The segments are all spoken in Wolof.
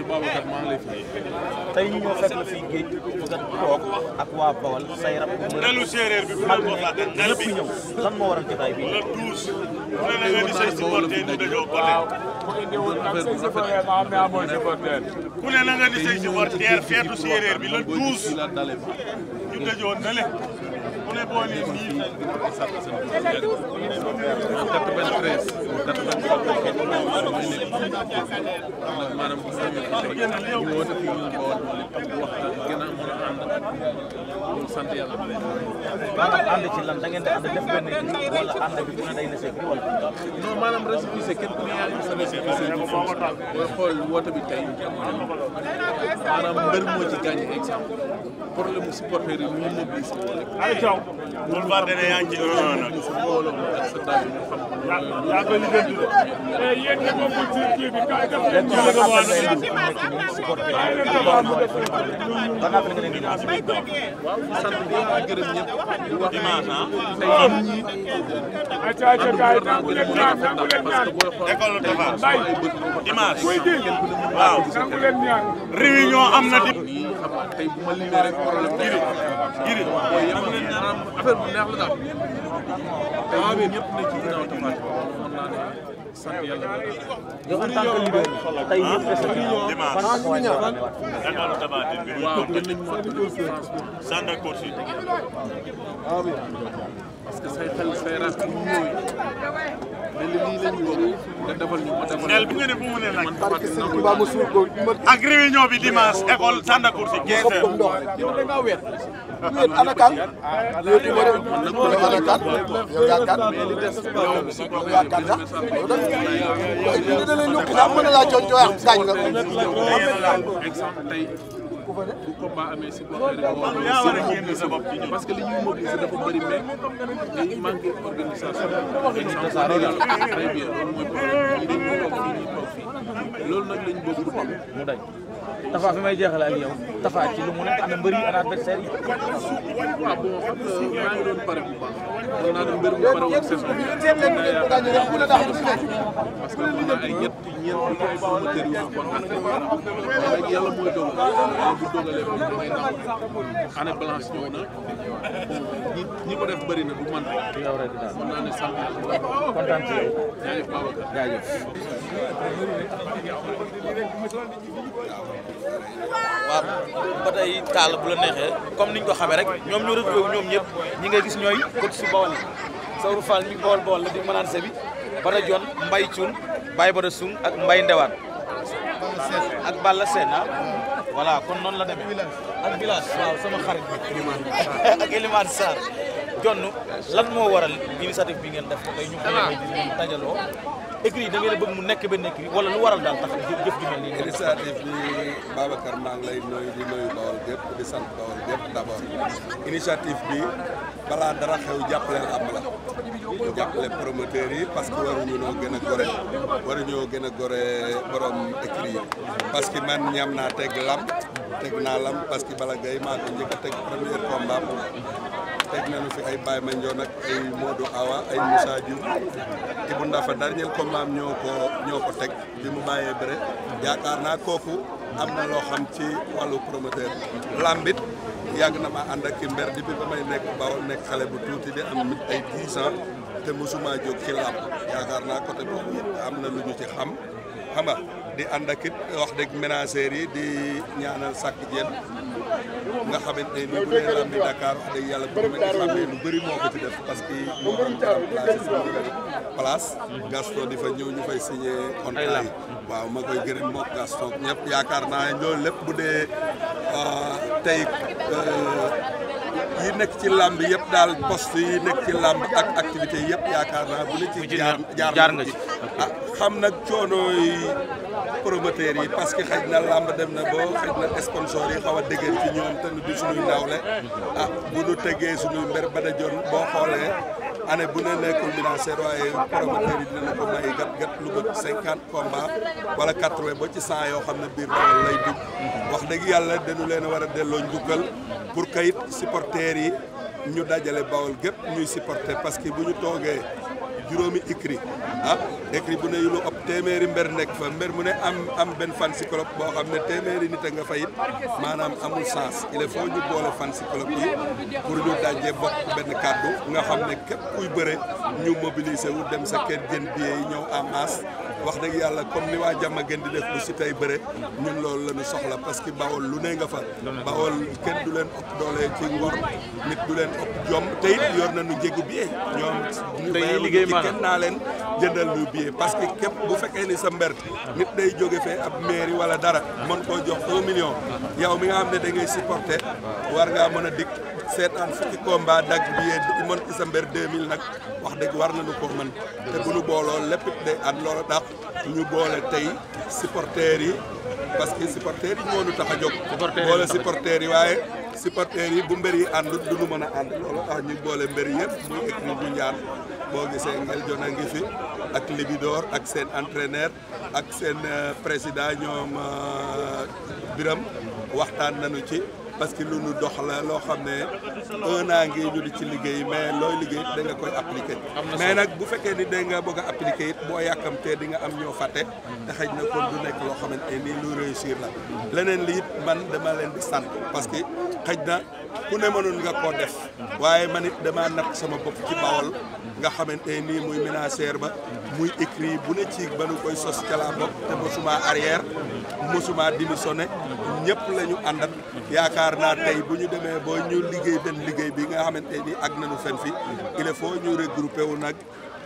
Hadj Babacar maa ngi lay fay. tey ñu ñëw fekk la fii géej nga toog ak waa Bawal sa yaram. nelu séeréer bi bu leen wax la ñëpp ñëw lan moo waral jotaay bi. le douze. ku ne na nga di say supporter feetu séeréer bi la douze ñu dëjoon na le ku ne boo leen nii sant yàlla maanaam ànd ci lan da ngeen di ànd def benn wala ànd bi bu ne day na seeg wala non maanaam récépissé kenn ku ne yaa ngi sa booy xool woote bi tey maanaam mbër moo ci gagné exemple problème mu supporter yi ñu mobilisé loolu baax na ne yaa ngi ci. loolu la ak sa taal bi ñu xam. yaa koy liggéey yéen ñi bokkul ci kii bi kaay def leen ñu ko wax waaw sant bi gërëm ñëpp di wax image ah tey jii kaay nangu leen ñaan nangu leen ñaan école de base image kuy di waaw nangu leen ñaan réunion am na di tey bu ma limee rek problème giri giri nangu leen ñaan affaire bu neex la daal tey ñëpp ne ci ginnaaw tamit sant yàlla yow en tant que leader tey yéen président ban parce que say xel say raas mu ñëwee mais li lii lañ bëgg bi dimanche école Sandakour si 15 heures. yow da ngaa weer. wéet ana kan. wéet bi ma dem yow ana kan yow yaa kan yow yaa kan sax yow da waaye dina da lay bu combat amee supporter yi parce que li ñuy mobiliser dafa bëri mais day manqué organisation. très bien loolu mooy problème ñu dañ ko toog fii ñu toog fii loolu nag lañ bëgg mu dañ. Tafa fi may jeexal ak yow Tafa ci lu mu nekk ana mbër yi ana adversaire yi. waaw bon nga euh, maa pare bu baax mën naa mbër mu pare woon saison bi mën naa yaakaar ne daa bëri saison parce que mën naa ay ñett ñeent ay promoteur yu ma contacté na ñi ko def bëri na du man rek. yow rek daal mën naa ne sant kontaan ci yow. jaajëf waaw ba tey taal bu la neexee comme niñ ko xamee rek ñoom ñoo rëdd ñoom ñi nga gis ñooy bët si bawal yi Sawru Fall mi bool bool la di mënaan sa bi Bada Jon Mbay Cuun Baye Bada Sung ak Mbay Ndewaan ak Balla Seen ah voilà kon noonu la demee ak village waaw sama xarit bi ak Elimane Sarr jonn lan moo waral initiative bi ngeen def ko tey ñu ko ñëwee di leen écrit yi da ngeen bëgg mu nekk benn écrit wala lu waral daal tax jëf initiative bi Babacar maa lay nuyu di nuyu Bawol gépp di sant Bawol gépp d' abord initiative bi balaa dara xew jàppale am la jàppale promoteurs yi parce que waruñu noo gën a gore gën a gore borom écrit yi parce que man ñam naa teg lam teg naa lam parce que Balla Gaye njëkk a teg premier combat teg nañu fi ay Baye Mandione nag ay Modou Awa ay Moussa Diouf ci bu ndafa dernier combat am ñoo ko ñoo ko teg bi mu bàyyee bëre yaakaar naa kooku am na loo xam ci wàllu promoteur lambit yàgg na ma ànd ak ki di depuis ba may nekk Bawol nekk xale bu tuuti di am ay 10 te mosuma jóg ci làmb yaakaar naa côté boobu am na lu ñu ci xam xam di ànd ak it wax dëgg ménagères yi di ñaanal sàkk jën nga xamante ne nii bu dee lambi Dakar wax dëgg yàlla bu mel ni lu bëri moo ko ci def parce que moo am place ñëw ñu fay signé contrat yi waaw ma koy ñëpp yaakaar naa loolu lépp bu dee euh, tey euh, yi nekk ci làmb yëpp daal poste yi nekk ci làmb ak activité yëpp yaakaar naa bu ne ci jaar jaar nga ci xam nag coonooy promoteur yi parce que xëj na làmb dem na boo xëj na sponsor yi xaw dëgg dëgër ci ñoom te du suñuy nawle ah bu nu tegee suñuy mber ba dajoon boo xoolee année bu ne nekkul financier waaye promoteur yi dina ko may gat gat lu ko cinquante combat wala quatre-vingt boo ci cent yoo xam ne biir bawal lay dugg wax dëgg yàlla dañu leen a war a delloo njukkal pour kayit supporters yi ñu dajale bawal gépp ñuy supporter parce que bu ñu toogee juróomi écrit ah écrit bu ne téeméeri mbër nekk fa mbër mu ne am am benn fan si club boo xam ne téeméeri nit a nga fa it maanaam amul sens il faut ñu boole fan si club yi pour ñu dajee bokk benn kàddu nga xam ne képp kuy bëre ñu mobiliser wu dem sa kër jën billet yi ñëw am masse wax dëgg yàlla comme ni waa a gën di def lu si tey bëre ñun loolu la ñu soxla parce que bawol lu ne nga fa bawol kenn du leen ëpp doole ci ngor nit du leen ëpp jom te it yor nañu njëgu billet ñoom liggéey ci naa leen jëndal ñu billet parce que bu fekkee ni sa mbër nit day jóge fee ab mairie wala dara mën koo jox un million yow mi nga xam ne da ngay supporter war ngaa mën a dikk seetaan fukki combat dagg billet mën ci sa mbër nag wax dëgg war na nañu ko mën te bu ñu booloo lépp day at loolu tax ñu boole tey supporters yi parce que supporters yi moo nu tax a jóg boole supporters yi waaye supporters yi bu mbër yi ànd du ñu mën a ànd loolu tax ñu boole mbër yëpp muy écrit bu ñaan boo gisee ngel jona ngi fi ak Libidor ak seen entraîneur ak seen euh, président ñoom euh, Biram waxtaan nañu ci parce que lu nu dox la loo xam ne un naa ngi ñu di ci liggéey mais looy liggéey da nga koy appliquer. mais nag bu fekkee ni da nga bëgg a appliquer it boo yàkkamtee di nga am ñoo fàtte. te xëy na kon du nekk loo xamante ni lu réussir la. leneen lii it man dama leen sant parce que. xëj na ku ne mënoon nga koo def waaye ma it damaa natt sama bopp ci bawol nga xamante nii muy ménagère ba muy écrit bu ne ciig ba nu koy sos ca laa bopp te mosuma arrière mosuma démissionné ñëpp la ñu àndat yaakaar naa tey bu ñu demee boo ñu liggéey benn liggéey bi nga xamante nii ak nañu fen fi il faut ñu regroupé wu nag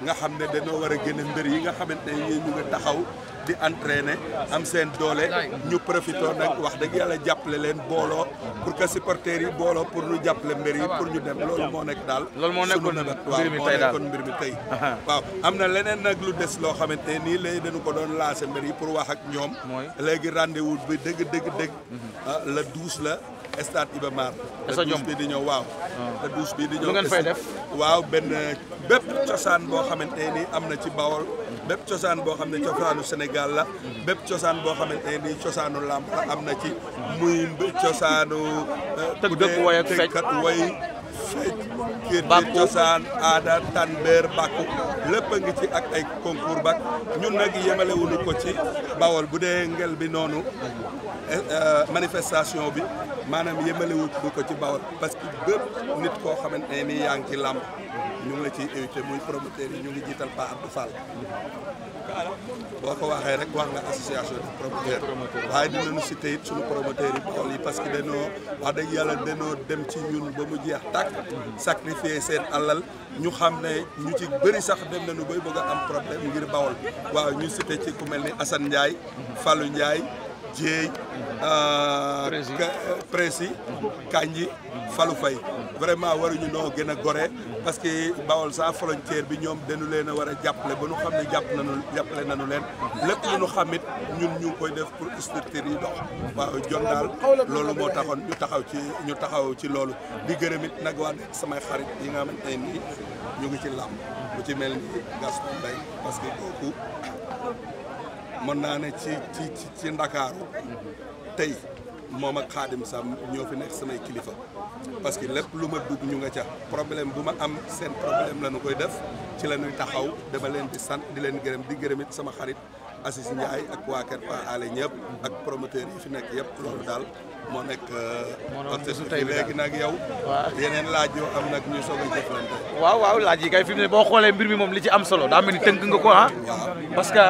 nga xam ne dañoo war a génne mbër yi nga xamante ne ñu ngi taxaw di entraîner am seen doole ñu profité nag wax dëgg yàlla jàppale leen booloo pour que supporters yi booloo pour ñu jàppale mbir yi pour ñu dem loolu moo nekk daal loolu moo nekkoon mbir mi tey daal mbir mi tey waaw am na leneen nag lu des loo xamante nii léegi dañu ko doon lancé mbir yi pour wax ak ñoom léegi rendez-vous bi dëgg dëgg dëgg mhm. ah, la douze la stade Iba Mar la douze bi di ñëw waaw ah. la douze bi di ñëw lu ngeen fay def waaw benn bépp cosaan boo xamante ne nii am na ci Bawol bépp cosaan boo xam ne cosaanu Sénégal la bépp cosaan boo xamante ne nii cosaanu làmp la am na ci muy cosaanu euh, tëgg way fecc kirtir cosaan aada tanbeer bàkku lépp a ngi ci ak ay concours bak ñu nag yemalewuñu ko ci bawol bu dee ngel bi noonu eh, eh, manifestation bi maanaam yemalewuñu ko ci bawol parce que bépp nit koo xamante ni yaa ngi ci làmb ñu ngi la ciy invité muy promoteur yi ñu ngi jiital Pa Abdou Fall boo ko waxee rek wax nga association de promoteur waaye dinañu cité it suñu promoteurs yi Bawol que danoo wax dëgg yàlla danoo dem ci ñun ba mu jeex tàkk sacrifier seen alal ñu xam ne ñu ci bëri sax dem nañu bay bëgg a am problème ngir bawol waaw ñu cité ci ku mel ni Assane Ndiaye Fallou Ndiaye Dieye euh, Prési Kanji falu fay vraiment waruñu noo gën a gore parce que Bawol sa frontière bi ñoom dañu leen a war a jàppale ba nu xam ne jàpp nañu jàppale nañu leen lépp lu ñu xamit ñun ñu ngi koy def pour structure yi dox waaw jon daal loolu moo taxoon ñu taxaw ci ñu taxaw ci loolu di gërëmit nag waa nekk samay xarit yi nga xamante ne nii ñu ngi ci làmb bu ci mel ni Gaston Mbaye parce que kooku mën naa ne ci ci ci ci ndakaaru tey moom ak xaadim sam ñoo fi nekk samay kilifa parce que lépp lu ma dugg ñu nga ca problème bu ma am seen problème la ñu koy def ci la ñuy taxaw dama leen di sant di leen gërëm di gërëm sama xarit Assis Ndiaye ak waa Kerpa Allé ñëpp ak promoteurs yi fi nekk yëpp loolu daal moo nekk. moo euh, tey léegi nag yow. yeneen laaj yoo am nag ñu soog a jëflante. waaw waaw laaj yi kay fi mu ne boo xoolee mbir mi moom li ci am solo daa mel ni tënk nga ko ah. parce que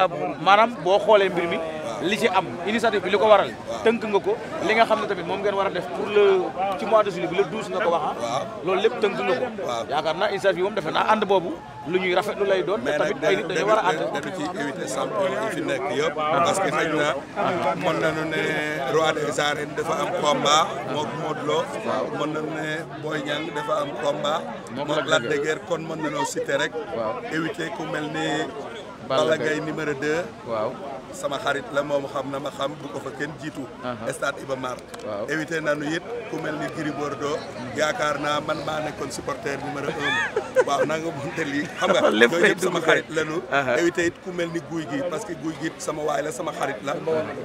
maanaam boo xoolee mbir mi. li ci am initiative bi li ko waral tënk nga ko li nga xam ne tamit moom ngeen war a def pour le ci mois de juillet bi le nga ko wax ah loolu lépp tënk nga ko yaakaar naa sa bi moom defe naa ànd boobu lu ñuy rafetlu lay doon tamit ay nit a ànd dañu ci éviter champion yi fi nekk yëpp parce que xëy na mën nañu ne roi des arènes dafa am combat mook Modou Lo mën nañu ne Boy Niang dafa am combat mook Lac de Guiers kon mën nañoo citer rek éviter ku mel ni Balla Gaye numéro 2 waaw sama xarit la moom xam na ma xam bu ko fa kenn jiitu stade Iba Mar nanu it ku mel ni Gris Bordeaux yaakaar naa man maa nekkoon supporter numéro un waaw naa nga monte lii xam nga yooyu yëpp sama xarit lanu évité ku mel ni guy gi parce que guy gi it sama waay la sama xarit la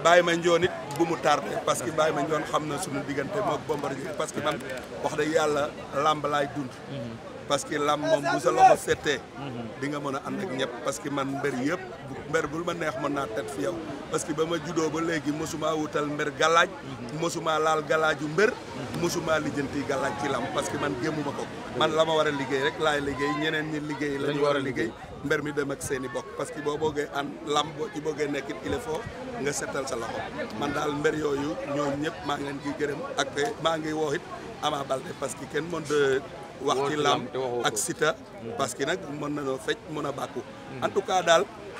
bàyyi ma njoon it bu mu tardé parce que bàyyi ma njoon xam na suñu diggante mook Bombardier parce que man wax dëgg yàlla làmb laay dund mhm. parce que làmb moom bu sa loxo settee mhm. di nga mën ànd ak ñëpp parce que man yëpp mber bul ma neex mën naa tet fi yow parce que ba ma juddoo ba léegi mosuma wutal mber galaaj mosuma laal galaaju mbër mosuma lijjanti galaaj ci lam parce que man gémmuma ko man la ma war a liggéey rek laay liggéey ñeneen ñi liggéey la ñu war a liggéey mber mi dem ak seen i bokk parce que boo boogee an lam boo ci boogee nekkit il faut nga setal sa loxo man daal mber yooyu ñoom ñëpp maa ngi leen di gërëm ak maa ngi woo it Ama Baldé parce que kenn mën de wax ci lam ak sita parce que nag mën nañoo fecc mën a bàkku mm.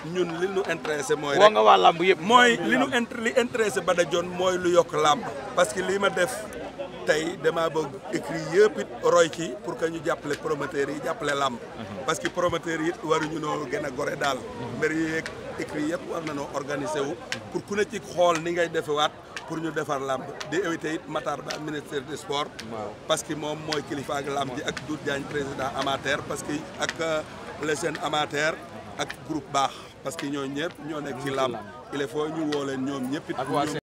ñun li ñu intéressé mooy rek nga waa làmb yëpp mooy li ñu li intéressé Bada Dione mooy lu yokk làmb parce que lii ma def tey damaa bëgg écrit yëpp it roy ci pour que ñu jàppale promoteurs yi jàppale làmb mhm. parce que promoteurs yi waruñu noo gën a gore daal mhm. mbir yi yeeg écrit yëpp war na noo organiser wu pour ku ne ci xool ni ngay defewaat pour ñu defar làmb di éviter it Matar Ba ministère des sports parce que moom mooy kilifa ak làmb ji ak Doudou Diagne président amateur parce que ak euh, les jeunes amateurs ak groupe baax parce que ñoo ñëpp ñoo nekk ci làmb il faut ñu woo leen ñoom ñëpp